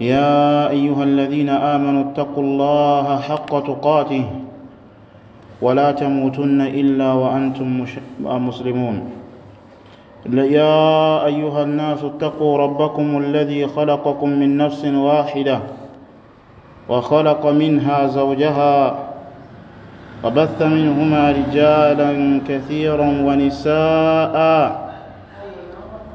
يا ايها الذين امنوا اتقوا الله حق تقاته ولا تموتن الا وانتم مسلمون يا ايها الناس اتقوا ربكم الذي خلقكم من نفس واحده وخلق منها زوجها وبث منهما رجالا كثيرا ونساء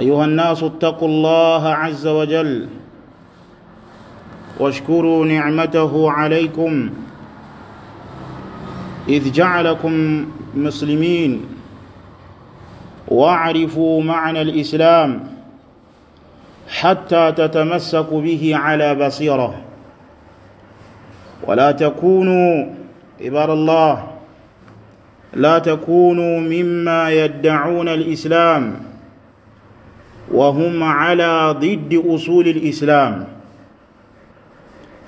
أيها الناس اتقوا الله عز وجل واشكروا نعمته عليكم إذ جعلكم مسلمين واعرفوا معنى الإسلام حتى تتمسكوا به على بصيرة ولا تكونوا عباد الله لا تكونوا مما يدعون الإسلام وهم على ضد أصول الإسلام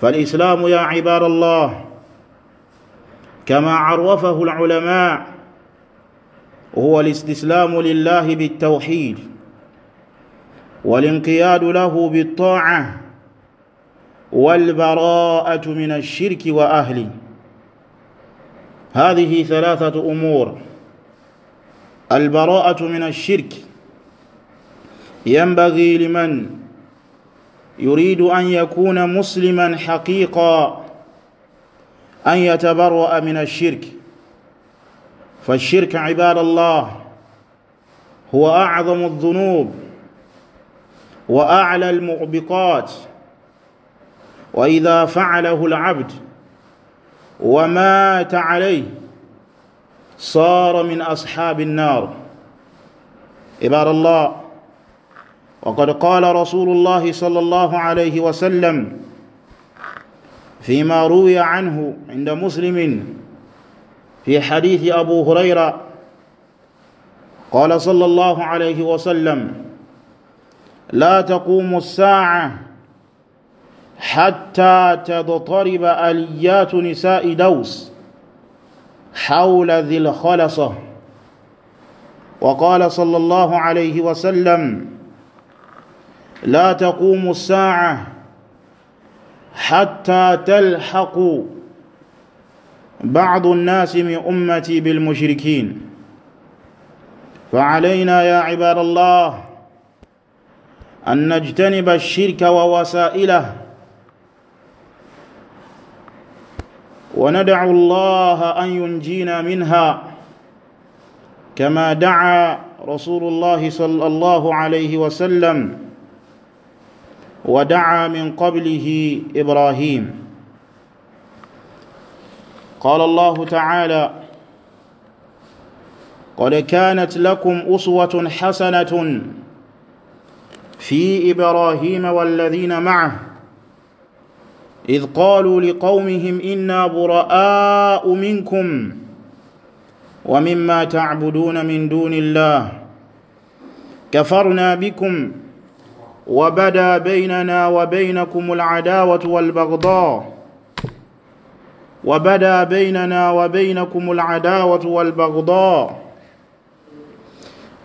فالإسلام يا عباد الله كما عرفه العلماء هو الاستسلام لله بالتوحيد والانقياد له بالطاعة والبراءة من الشرك وأهله هذه ثلاثة أمور البراءة من الشرك ينبغي لمن يريد أن يكون مسلما حقيقا أن يتبرأ من الشرك فالشرك عباد الله هو أعظم الذنوب وأعلى المعبقات وإذا فعله العبد ومات عليه صار من أصحاب النار عباد الله وقد قال رسول الله صلى الله عليه وسلم فيما روي عنه عند مسلم في حديث أبو هريرة قال صلى الله عليه وسلم لا تقوم الساعة حتى تضطرب أليات نساء دوس حول ذي الخلصة وقال صلى الله عليه وسلم لا تقوم الساعة حتى تلحق بعض الناس من أمتي بالمشركين فعلينا يا عباد الله أن نجتنب الشرك ووسائله وندعو الله أن ينجينا منها كما دعا رسول الله صلى الله عليه وسلم ودعا من قبله إبراهيم قال الله تعالى قد كانت لكم أسوة حسنة في إبراهيم والذين معه إذ قالوا لقومهم إنا براء منكم ومما تعبدون من دون الله كفرنا بكم وبدا بيننا وبينكم العداوة والبغضاء وبدا بيننا وبينكم العداوة والبغضاء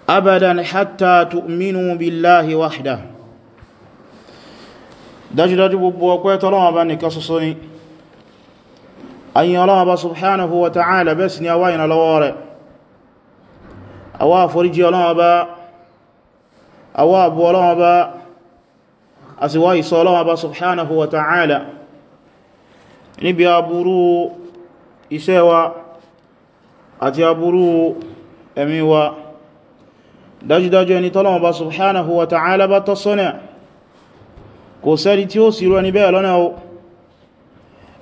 أبدا حتى تؤمنوا بالله وحده dájúdájú gbogbo ọpẹ́ tọ́lọ́wọ́ bá nìkan ṣoṣo ni ayin Ọlọ́hun Ọba subhanahu wa ta'ala bẹ́ẹ̀ sì ni àwa ìrànlọ́wọ́ rẹ̀ àwa àforíjì Ọlọ́hun Ọba àwa àbú Ọlọ́hun Ọba àsìwá ìsọ́lọ́wọ́ bá subhanahu wa ta'ala níbi aburú iṣẹ́ wa àti aburú ẹ̀mí wa dájúdájú ẹni tọ́lọ́wọ́ bá subhanahu wa ta'ala bá tọ́ sọ́nà kò sẹ́ni tí ó sírò ẹni bẹ́ẹ̀ lọ́nà o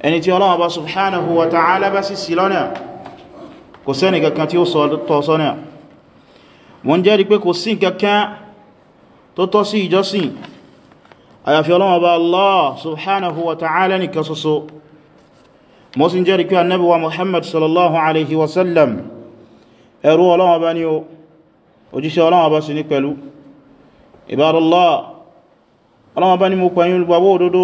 ẹni tí Ọlọ́run bá subhanahu wa ta'ala bá sì sí lọ́nà kò sẹ́ni kankan tí ó tọ́ sọ́nà wọ́n jẹ́rìí pé kò sí kankan tó tọ́ sí ìjọsìn àyàfi Ọlọ́hun Ọba Allah subhanahu wa ta'ala nìkan ṣoṣo mo sì jẹ́rìí pé annabi wa Muhammad sallallahu alaihi wasallam ẹrú Ọlọ́hun Ọba ni ó òjíṣẹ́ Ọlọ́hun Ọba sì ní pẹ̀lú ibadallah Ọlọ́hun Ọba ni ní mo pẹ̀yìn gbogbo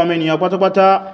ọmọ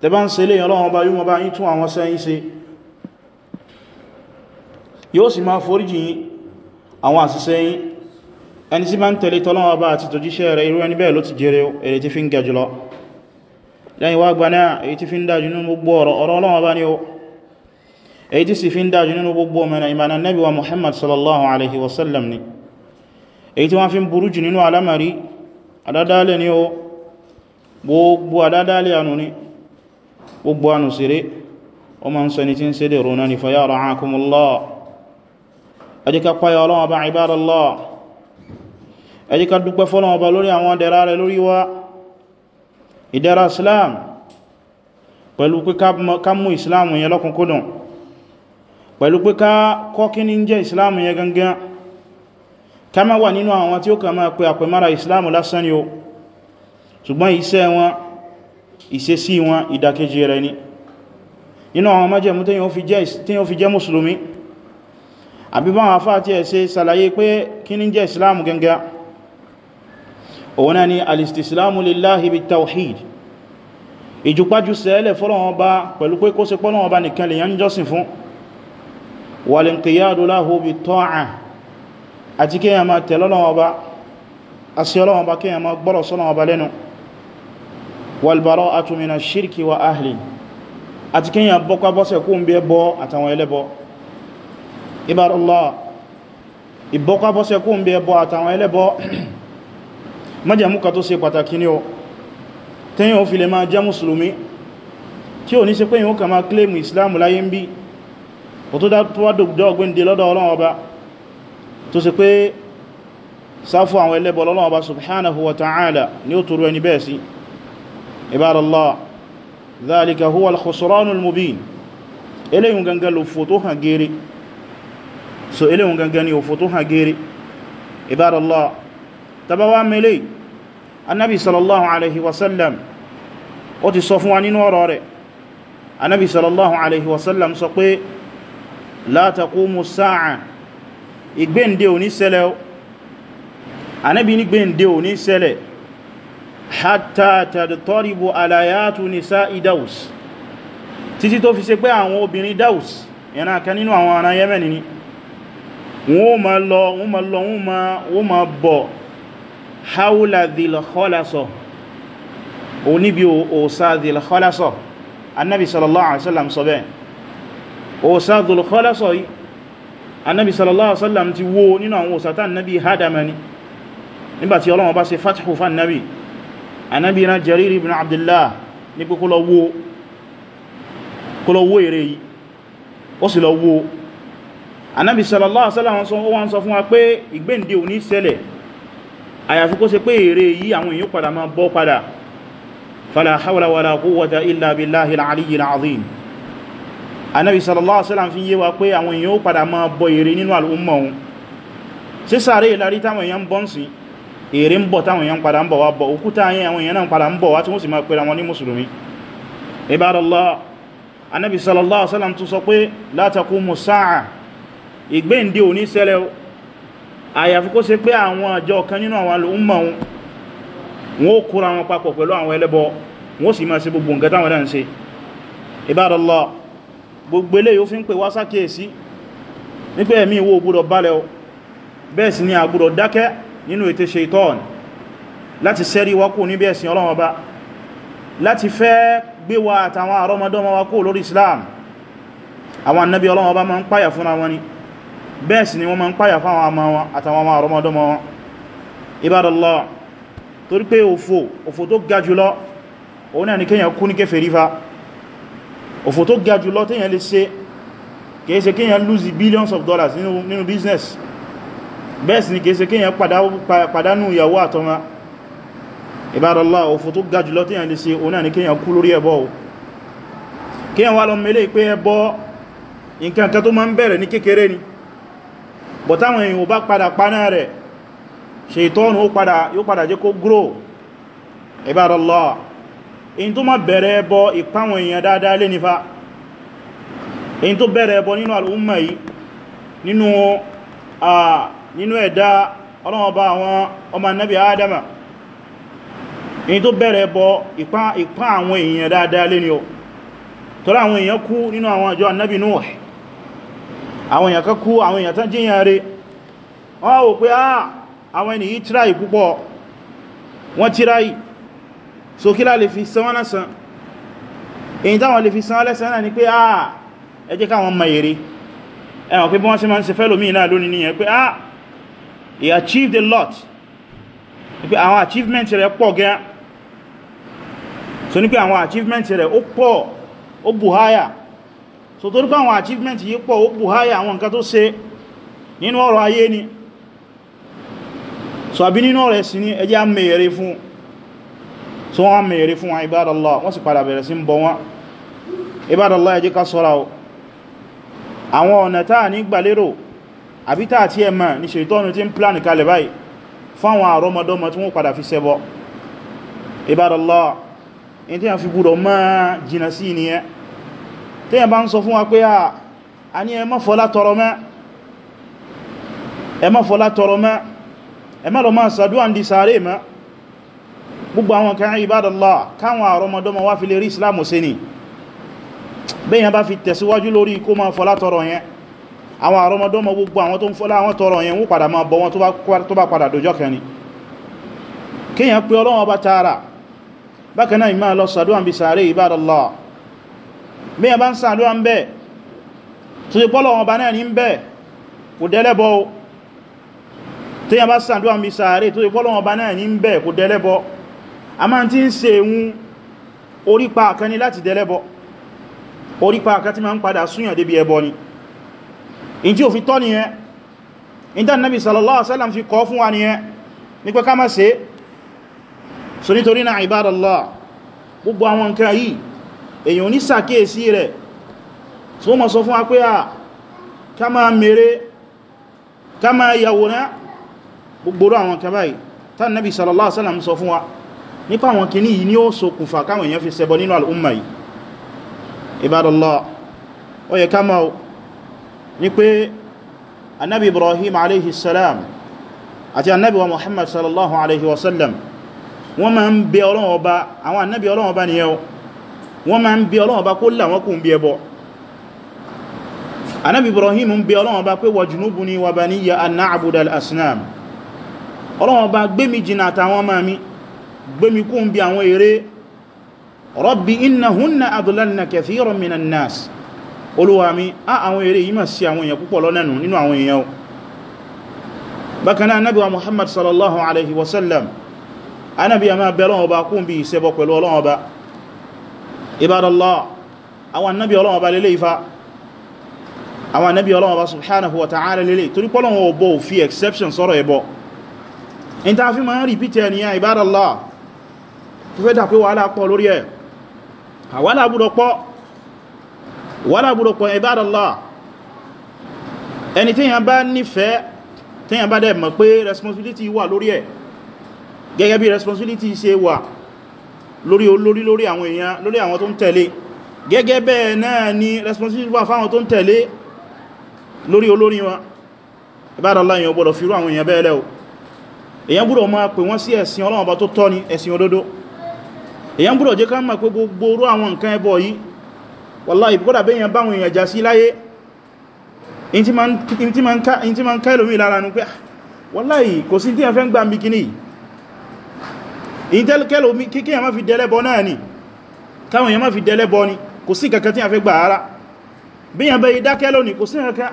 tẹbá ń ṣe lè yàn lọ́wọ́ bá yíò mọ́ bá yí tún àwọn sẹ́yìn ṣe yóò sì máa foríjì àwọn àṣìṣe yìí ẹni sí máa ń tẹ̀lé tọ́lọ́wọ́ bá àti tòjíṣẹ́ rẹ̀ irú ẹni bẹ́ẹ̀ ló ti jẹrẹ èrè tí fi ń gẹ jùlọ lẹ́yìn wá gbaná èyí tí fi ń dájú nínú gbogbo ọ̀rọ̀ ọ̀rọ̀ Ọlọ́run bá ni gbogbo anù síré o ma ń sọ ni tí ń sé dèrò náà ni fayá ra'akumullah ẹjíká payọ ọlọ́wọ́ bá ibadallah ẹjíká dúpẹ́ fọ́lọ́wọ́ bá lórí àwọn dẹ̀ra rẹ̀ lórí wa ìdẹ̀ra islam pẹ̀lú pé ká mú islam yẹn lọ́kùnkúdùn pẹ̀lú pé ká kọ́ kí ní islam yẹn gangan ká má wà nínú àwọn tí ó kà máa islam lásán ni ṣùgbọ́n iṣẹ́ wọn ìṣesí wọn ìdàkejì rẹ̀ ni nínú àwọn májẹ̀mú tí yíò fi jẹ́ mùsùlùmí àbíbáwọn afá tí ẹ̀ ṣe sàlàyé pé kí ní jẹ́ islamu gẹngẹ òun náà ni alistislamu lillahi bi tawhid ìjùpájú sẹ́ẹ̀lẹ̀ fọ́lọ́wọ́n bá pẹ̀lú pé kó ṣe pọ́lọ́wọ́n bá nìkan lèyàn jọ́sìn fún walinqiyadu lahu bi ta'a àti kíyàn máa tẹ̀lọ́lọ́wọ́n bá asíọ́lọ́wọ́n bá kíyàn máa gbọ́rọ̀ sọ́lọ́wọ́n walbara'atu min ash-shirki wa ahli àti kíyàn bọ́kwá bọ́sẹ̀ kó ń bí ẹbọ àtàwọn ẹlẹ́bọ ibárọ̀lá ìbọ́kwá bọ́sẹ̀ kó ń bí ẹbọ àtàwọn ẹlẹ́bọ májẹ̀múkà tó ṣe pàtàkì ní o tẹ́yàn ó fi lè máa jẹ́ mùsùlùmí tí ò ní ṣe pé yíò kà máa claim islam láyé ń bí o tó dáwà dògbò ọgbẹ́ndé lọ́dọ̀ ọlọ́run ọba tó ṣe pé sáfù àwọn ẹlẹ́bọ lọ́lọ́run ọba subhanahu wa ta'ala ni ó tọrọ ẹni bẹ́ẹ̀ si. عباد الله ذلك هو الخسران المبين إليهم قنقل وفوتوها قيري so إليهم قنقل وفوتوها قيري عباد الله تبوا ملي النبي صلى الله عليه وسلم وتي صفوانين وراري النبي صلى الله عليه وسلم سقي لا تقوم الساعة ìgbéǹde òní ṣẹlẹ̀ o Ànábì ní ìgbéǹde hatta tàdítọ́rìbò alayatu nisa idaus títí tó fi ṣe pé àwọn obìnrin daus yana kan nínú àwọn ará yemen ni wọ́n ma lọ wọ́n ma lọ wọ́n ma bọ̀ haula dhilkhalasọ oníbi òsà dhilkhalasọ annabi sallallahu alaihi wasallam sọ bẹ́ẹ̀ òsà dhilkhalasọ yìí annabi sallallahu alaihi wasallam ti wó nínú àwọn òsà tán nabi hadamani nígbàtí Ọlọ́run bá ṣe fatihu fa annabi anábi ran Jarir ibn Abdullah ní pé kó lọ wó ère yìí ó sì lọ wó anábi sallallahu alaihi wasallam wọ́n sọ fún wa pé ìgbéǹde ò ní ṣẹlẹ̀ àyàfi kó ṣe pé ère yìí àwọn èèyàn padà máa bọ́ padà fala hawla wala quwwata illa billahi al-aliyyi al-azim anábi sallallahu alaihi wasallam fi èrè ń bọ̀ táwọn èèyàn padà ń bọ̀ wá bọ̀ òkúta ayé àwọn èèyàn náà padà ń bọ̀ wá tí wọ́n sì máa pèrà wọn ní mùsùlùmí ibadallah anábi sallallahu alaihi wasallam tún sọ pé la taqumu sa'a ìgbéǹde òní ṣẹlẹ̀ àyàfi kó ṣe pé àwọn àjọ kan nínú àwọn alùmọ̀ wọn ó kóra wọn papọ̀ pẹ̀lú àwọn ẹlẹ́bọ wọ́n sì máa gbogbo nǹkan táwọn náà ń gbogbo nínú ètè ṣeitọ́ọ̀nì láti sẹ́rí wa kú níbi ẹ̀sìn Ọlọ́run Ọba láti fẹ́ gbé wa àtàwọn àrọmọdọ́mọ wa kú lórí Islam àwọn annabi Ọlọ́run Ọba máa ń páyà fún wọn ni bẹ́ẹ̀ sì ni wọ́n máa ń páyà fún àwọn ọmọ wọn àtàwọn àrọmọdọ́mọ wọn Ibadallah torí pé òfò ni kíyàn kú ní kèfèrí fa òfò tó ga jùlọ téèyàn lè ṣe kìí lose billions of dollars nínú business bẹ́ẹ̀ sì ni kèése kíyàn pàdánù ìyàwó àtọ́mà ìbádọ́lá òfò tó ga jùlọ tíyàn lè ṣe òun náà ni kíyàn kú lórí ẹbọ o kíyàn wá lọ mẹ́lẹ̀ pé ẹbọ nǹkan tó máa ń bẹ̀rẹ̀ ní kékeré ni bọ̀ táwọn èèyàn bá padà paná rẹ̀ ṣètọ́nù yóò padà jẹ́ kó gúrò ìbádọ́lá in tó máa bẹ̀rẹ̀ ẹbọ ìpáwọn nínú ẹ̀dá ọlọ́wọ́ba àwọn ọmọ annabi adama èyí tó bẹ̀rẹ̀ bọ ìpá àwọn èèyàn dáadáa lé ní o tọ́lá àwọn èèyàn kú nínú àwọn àjọ annabi Nuh àwọn èèyàn kan kú àwọn èèyàn tán jíyàn rẹ̀ wọ́n wò pé á àwọn ènìyàn yìí tíráì púpọ̀ wọ́n tíráì ni pé á ẹ jẹ́ káwọn mọ̀ èrè ẹwọ̀n pé bí wọ́n ṣe máa ń he achieved a lot ní pé àwọn achievement re po gan so ní pé àwọn achievement re o po o buhaya so to ní awon àwọn achievement yi po o buhaya àwọn nǹkan to se ninu ọ̀rọ̀ aye ni so n'inu nínú ọ̀rọ̀ ẹ̀sìn ni ẹjẹ́ amẹ́yẹrẹ fun so wọ́n amẹ́yẹrẹ fún wọn ibádàlá wọ́n sì padà bẹ̀rẹ̀ sí ń bọ wọn ibádàlá ẹjẹ́ ká sọ́ra àwọn ọ̀nà táà ní gbàlérò àbítà àti ẹ̀mà ni ṣètọ́nù tí ń pláàni kalẹ̀ báyìí fáwọn àrọmọdọ́mọ tí wọ́n padà fi ṣẹbọ ìbádọ́lá in tí a fi gbúdọ̀ máa jìnà sí ni ẹ tí ẹ bá ń sọ fún wa pé a ní ẹ má fọlá tọrọ mẹ́ ẹ má fọlá tọrọ mẹ́ ẹ má lọ máa sàdúwà ń di sàárè mẹ́ gbogbo àwọn kan ìbádọ́lá káwọn àrọmọdọ́mọ wá fi lè rí ìsìlámù sí ni bẹ́yàn bá fi tẹ̀síwájú lórí kó máa fọlá tọrọ yẹn àwọn àrọmọdọ́mọ gbogbo àwọn tó ń fọ́lá àwọn tọrọ yẹn wó padà máa bọ́ wọn tó bá padà dójọ́ kẹni kíyàn pé Ọlọ́run Ọba tààrà bákan náà ìmá lọ sàdúwà bí sàárè ìbádọ́lá bí yẹn bá ń sàdúwà ń bẹ́ tó ti pọ́lọ̀ Ọba náà ní ń bẹ́ kò dẹ́lẹ́bọ́ tí yẹn bá sàdúwà bí orípa kan ni láti dẹ́lẹ́bọ́ orípa kan ti máa ń padà súyàn débi ẹbọ ni in tí ò fi tọ́ nìyẹn in tán nabi sallallahu alaihi wasallam fi kọ́ fún wa nìyẹn nípa ká má ṣe so nítorí náà ibadallah gbogbo àwọn nǹkan yìí èyàn ní sàkíyèsí rẹ̀ so mọ̀ sọ fún wa pé à ká má mèrè ká má yàwòrán gbogbo àwọn kan báyìí tán nabi sallallahu alaihi sọ fún wa nípa àwọn kìíní yìí ni ó ní pé annabi ibrahim alaihi salam àti annabi wa muhammad sallallahu alaihi wasallam wọ́n ma ń bẹ Ọlọ́run ọba àwọn annabi Ọlọ́run ọba nìyẹn wọ́n ma ń bẹ Ọlọ́run ọba kó là wọ́n kò ń bí ẹbọ annabi ibrahim ń bẹ Ọlọ́run ọba pé wàjúnúbù ni wà bá níyà anna abudal asnam Ọlọ́run ọba gbémi jìnà àtàwọn ọmọ mi gbémi kó ń bí àwọn eré rabbi innahunna adlalna kathiran minan nas olúwa mi a àwọn eré yìí mà sí àwọn èèyàn púpọ̀ lọ́nẹ̀nù nínú àwọn èèyàn bákanáà nábì wa muhammad sallallahu alaihi wasallam anábi a máa bẹ̀rọ ọba kún bí ìṣẹ́bọ pẹ̀lú ọlọ́wọ́ ba ibadallá àwọn nábi ọlọ́wọ́ ba lélé ifá àwọn nábi exception sọ́rọ̀ ẹbọ in ta fi máa rìpítẹ̀ ní ibadallá tó fẹ́ dà pé wàhálà pọ̀ lórí ẹ̀ àwálà gbúdọ̀ wọ́lá gbúròpọ̀ ibadallah ẹni tíyàn bá nífẹ̀ẹ́ tíyàn bá dẹ̀ mọ̀ pé responsibility wà lórí ẹ̀ gẹ́gẹ́ bí responsibility ṣe wà lórí olórí lórí àwọn èèyàn lórí àwọn tó ń tẹ̀lé gẹ́gẹ́ bẹ́ẹ̀ náà ni responsibility wà fáwọn tó ń tẹ̀lé lórí olórí wọn ibadallah èèyàn gbọ́dọ̀ fi irú àwọn èèyàn bẹ́ẹ̀ lẹ́ o èèyàn gbọ́dọ̀ máa pè wọ́n sí ẹ̀sìn Ọlọ́run bá tó tọ́ ni ẹ̀sìn òdodo èèyàn gbọ́dọ̀ jẹ́ wallahi ìbúkọ́dà bẹ́yàn báwọn èèyàn jà sí láyé in ti ma ń ká ìlòmí lára nù pé ah, wallahi kò sí tí a fẹ́ ń gbà ń bí kíní kíkí a má fi dẹ́lẹ́bọ náà ni káwọn èèyàn má fi dẹ́lẹ́bọ ni kò sí kankan tí a fẹ́ gbà ara bẹ́yàn bẹ́ ìdákẹ́ lónìí kò sí kankan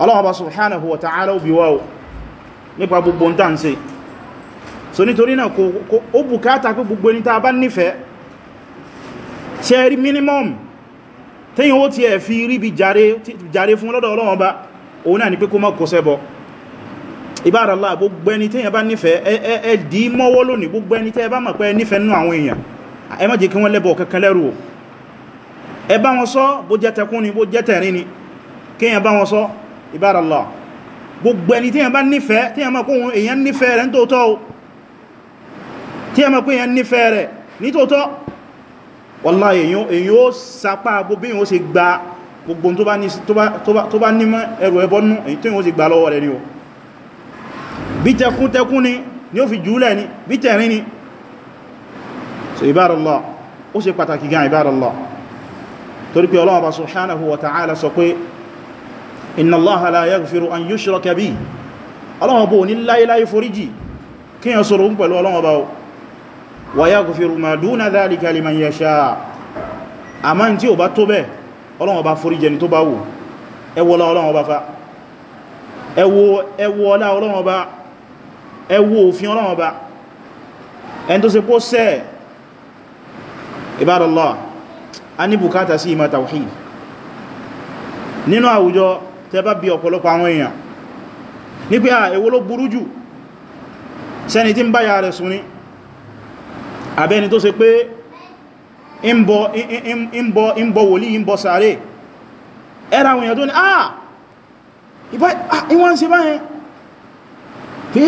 ọlọ́wọ́ba subhanahu wa ta'ala obi wa nípa gbogbo ń tàn sí so nítorí náà kò ó bùkátà pé gbogbo ní tàbá nífẹ̀ẹ́ ṣe rí minimum tẹ́yìn ó ti ẹ̀ fi rí bí jàre fún lọ́dọ̀ ọlọ́wọ́ba òun náà ni pé kó mọ́ kó sẹ́bọ ìbáraláà gbogbo ẹni tẹ́yìn bá nífẹ̀ẹ́ ẹ dì í mọ́wọ́ lónìí gbogbo ẹni tẹ́ bá mọ̀ pé nífẹ̀ẹ́ nú àwọn èèyàn ẹ má jẹ́ wọn sọ bó jẹ́ tẹkún ni bó jẹ́ tẹ̀rín ni kéèyàn bá wọn sọ Ibadallah gbogbo ẹni tí yẹn bá nífẹ̀ẹ́ tí yẹn mọ̀ kún èyàn nífẹ̀ẹ́ rẹ̀ nítòótọ́ o tí yẹn mọ̀ kún èyàn nífẹ̀ẹ́ rẹ̀ nítòótọ́ wallahi èyàn ó sapá gbogbo èyàn ó sì gba gbogbo tó bá ní ẹrù ẹbọnú èyí tó yẹn ó sì gba lọ́wọ́ rẹ̀ ni o bí tẹkún tẹkún ni ni ó inna allaha la yaghfiru an yushraka bi ọlọ́wọ́ bó ní láíláí foríjì kí yẹn sọ̀rọ̀ ń pẹ̀lú ọlọ́wọ́ bá wa yaghfiru ma duna dhalika liman yasha a ma n tí ó bá tó bẹ́ ọlọ́wọ́ bá foríjì ẹni tó bá wù ẹwọ́lá ọlọ́wọ́ bá fa ẹwọ́lá ọlọ́wọ́ bá ẹwọ́ òfin ọlọ́wọ́ bá ẹn tó tẹ́bá bí ọ̀pọ̀lọpọ̀ àwọn èèyàn ní pé à èwo ló burú jù sẹ́ni tí ń bá ya rẹ̀ sùn ní àbẹ́ni tó ṣe pé ń bọ wòlí ń bọ sàárè ẹ̀rà àwọn èèyàn tó ní àà ìwọ́n ṣe báyẹn pé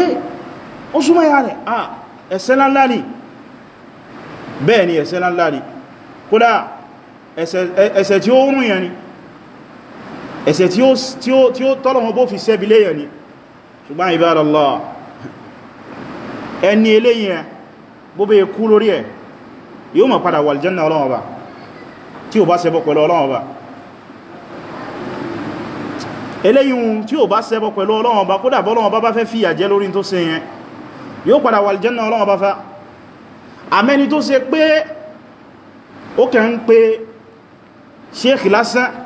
ó súnmọ́ ya rẹ̀ à ẹ̀ṣẹ̀ láńlá bẹ́ẹ̀ ni ẹ̀ṣẹ̀ láńlá kódà ẹ̀ṣẹ̀ tí ó rùn yẹn ni ẹ̀ṣẹ̀ tí ó tọ́lọ̀ wọn bó fi sẹ́bi léyàn ni ṣùgbọ́n ibadallah ẹni eléyìn ẹ bó bẹ́ kú lórí ẹ yóò máa padà wàljanna Ọlọ́run Ọba tí ó bá ṣẹbọ pẹ̀lú Ọlọ́run Ọba eléyìn tí ó bá ṣẹbọ pẹ̀lú Ọlọ́run Ọba kódà bọ́lọ́run Ọba bá fẹ́ fìyà jẹ lórí tó ṣe yẹn yóò padà wàljanna Ọlọ́run fa àmẹ́ni tó ṣe pé ó kẹ́ ń pé ṣéèkì lásán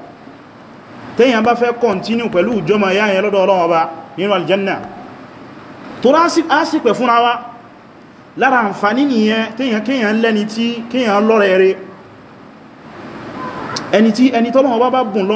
tẹ́yàn bá fẹ́ kọntínú pẹ̀lú ìjọmọ̀ ya yẹn lọ́dọ̀ Ọlọ́run Ọba nínú aljanna tó rásìpẹ̀ fúnra wá lára àǹfàní nìyẹn tẹ́yàn kíyàn lẹ́ni tí kíyàn lọ́rẹ̀ ẹni tí ẹni tọ́lọ́run bá bùn lọ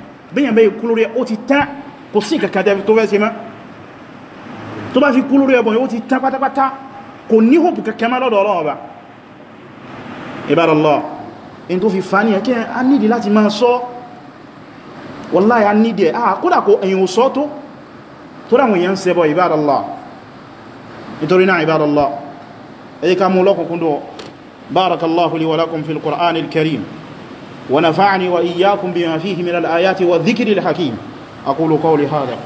bíyàn bẹ́ ikú lórí ẹ ó ti tán kò sí kàkàtẹ́ tó fẹ́ ṣe mọ́ tó bá fi kú lórí ẹbọn ó ti tán pátápátá kò ní hope kẹkẹ má lọ́dọ̀ Ọlọ́run Ọba ibadallah in tó fi fa ní ẹkẹ́ a nídi láti máa sọ wallahi a nídi ẹ̀ ah kódà kò ẹ̀yìn ò sọ tó tó ونفعني وإياكم بما فيه من الآيات والذكر الحكيم أقول قولي هذا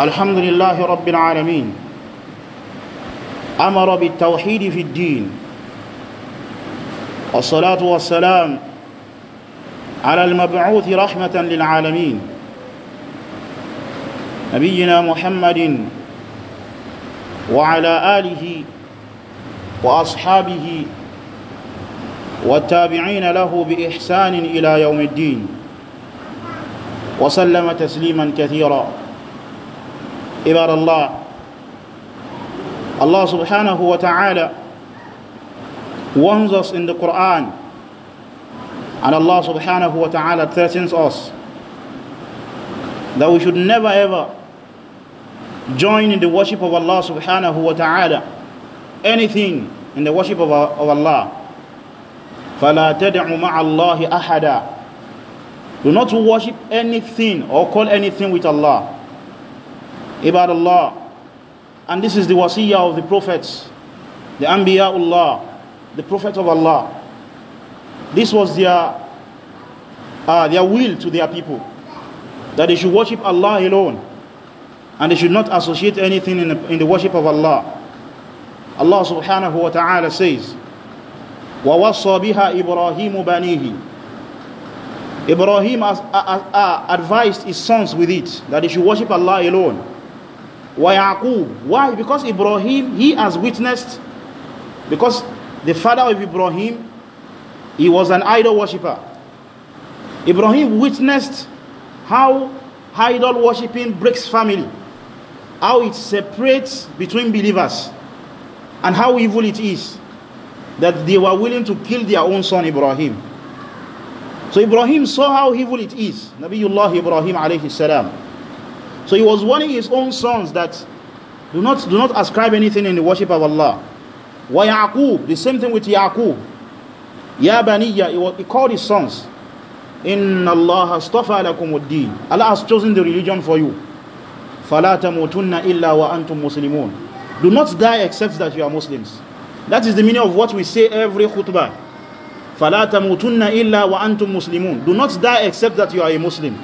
الحمد لله رب العالمين أمر بالتوحيد في الدين والصلاة والسلام على المبعوث رحمة للعالمين نبينا محمد وعلى آله وأصحابه والتابعين له بإحسان إلى يوم الدين وسلم تسليما كثيرا إبار الله الله سبحانه وتعالى warns us in the Quran and Allah subhanahu wa ta'ala threatens us that we should never ever join in the worship of Allah subhanahu wa ta'ala anything in the worship of, of Allah فَلَا تَدْعُ مَعَ اللَّهِ أَحَدًا do not worship anything or call anything with Allah Ibad Allah and this is the wasiya of the prophets the Anbiya'ullah the prophet of Allah this was their uh, their will to their people that they should worship Allah alone and they should not associate anything in the, in the worship of Allah. Allah subhanahu wa ta'ala says, وَوَصَّى بِهَا إِبْرَاهِيمُ بَنِيهِ Ibrahim has, uh, uh, advised his sons with it, that they should worship Allah alone. وَيَعْقُوب Why? Because Ibrahim, he has witnessed, because the father of Ibrahim, he was an idol worshipper. Ibrahim witnessed how idol worshipping breaks family how it separates between believers and how evil it is that they were willing to kill their own son Ibrahim. So Ibrahim saw how evil it is. Nabiullah Ibrahim alayhi salam. So he was warning his own sons that do not do not ascribe anything in the worship of Allah. Wa Yaqub, the same thing with Yaqub. Ya Baniya, he called his sons. Inna Allah astafa Allah has chosen the religion for you. Do not die except that you are Muslims. That is the meaning of what we say every khutbah. Do not die except that you are a Muslim.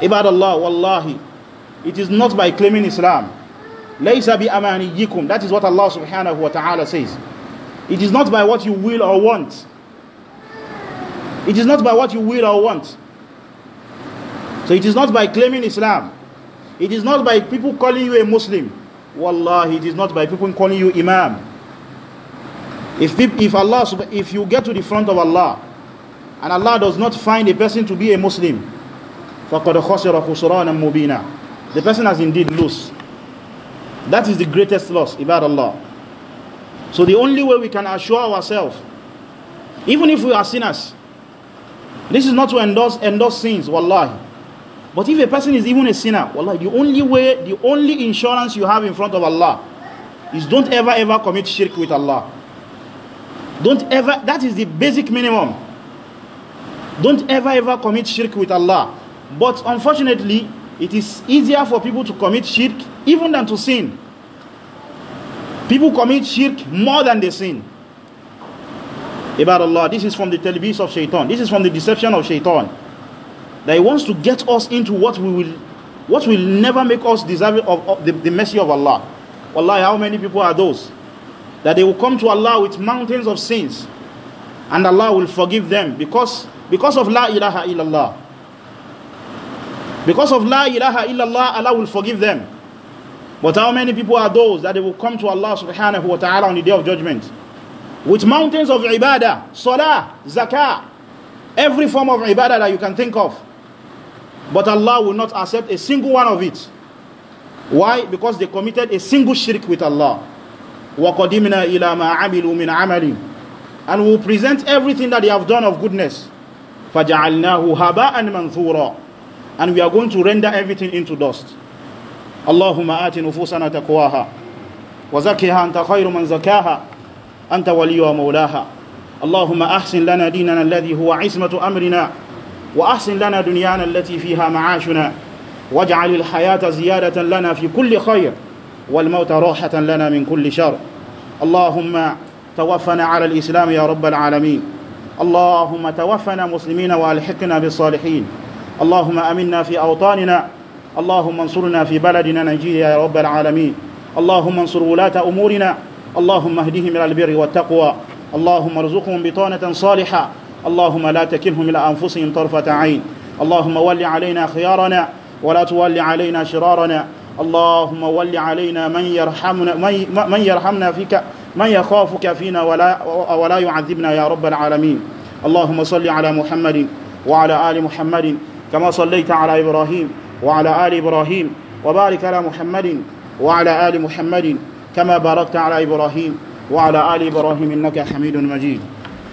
Ibad Allah, wallahi. It is not by claiming Islam. لَيْسَ بِأَمَانِيِّكُمْ That is what Allah subhanahu wa ta'ala says. It is not by what you will or want. It is not by what you will or want. So it is not by claiming Islam. It is not by people calling you a Muslim. Wallah, it is not by people calling you Imam. If, if, Allah, if you get to the front of Allah, and Allah does not find a person to be a Muslim, The person has indeed lost. That is the greatest loss, ibad Allah. So the only way we can assure ourselves, even if we are sinners, this is not to endorse, endorse sins, wallahi. But if a person is even a sinner, Wallah, the only way, the only insurance you have in front of Allah is don't ever, ever commit shirk with Allah. Don't ever, that is the basic minimum. Don't ever, ever commit shirk with Allah. But unfortunately, it is easier for people to commit shirk even than to sin. People commit shirk more than they sin. About Allah, this is from the telebis of shaitan. This is from the deception of shaitan that he wants to get us into what we will what will never make us deserving of, of the, the, mercy of Allah. Allah, how many people are those? That they will come to Allah with mountains of sins and Allah will forgive them because because of La ilaha illallah. Because of La ilaha illallah, Allah will forgive them. But how many people are those that they will come to Allah subhanahu wa ta'ala on the day of judgment? With mountains of ibadah, salah, zakah, every form of ibadah that you can think of. But Allah will not accept a single one of it. Why? Because they committed a single shirk with Allah. وَقَدِمْنَا إِلَى مَا عَمِلُوا مِنْ عَمَلٍ And we will present everything that they have done of goodness. فَجَعَلْنَاهُ هَبَاءً مَنْثُورًا And we are going to render everything into dust. اللهم آت نفوسنا تقواها وزكها أنت خير من زكاها أنت ولي ومولاها اللهم أحسن لنا ديننا الذي هو عصمة أمرنا وأحسن لنا دنيانا التي فيها معاشنا واجعل الحياة زيادة لنا في كل خير والموت راحة لنا من كل شر اللهم توفنا على الإسلام يا رب العالمين اللهم توفنا مسلمين وألحقنا بالصالحين اللهم أمنا في أوطاننا اللهم انصرنا في بلدنا نجيل يا رب العالمين اللهم انصر ولاة أمورنا اللهم اهدهم إلى البر والتقوى اللهم ارزقهم بطانة صالحة اللهم لا تكلهم إلى أنفسهم طرفة عين اللهم ول علينا خيارنا ولا تول علينا شرارنا اللهم ول علينا من يرحمنا من يرحمنا فيك من يخافك فينا ولا ولا يعذبنا يا رب العالمين اللهم صل على محمد وعلى آل محمد كما صليت على إبراهيم وعلى آل إبراهيم وبارك على محمد وعلى آل محمد كما باركت على إبراهيم وعلى آل إبراهيم إنك حميد مجيد